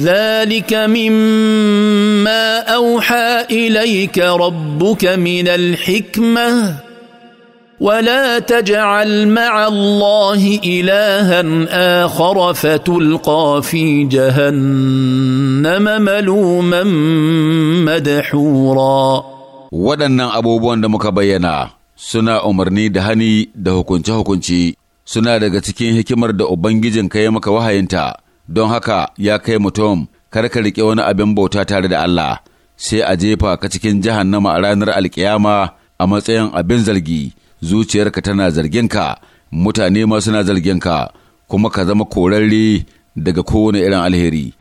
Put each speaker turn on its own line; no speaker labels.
ذلك مما اوحى اليك ربك من الحكمه ولا تجعل مع الله الها اخر فتلقى في جهنم ملوما مدحورا
waɗannan abubuwan da muka bayyana suna umarni da hani da hukunce-hukunci suna daga cikin hikimar da Ubangijinka ya maka wahayinta don haka ya kai mutum karka ka riƙe wani abin bauta tare da Allah sai a jefa ka cikin jahannama a ranar alkiyama a matsayin abin zargi zuciyarka tana zargin ka mutane ma suna zarginka kuma ka zama korarre daga kowane irin alheri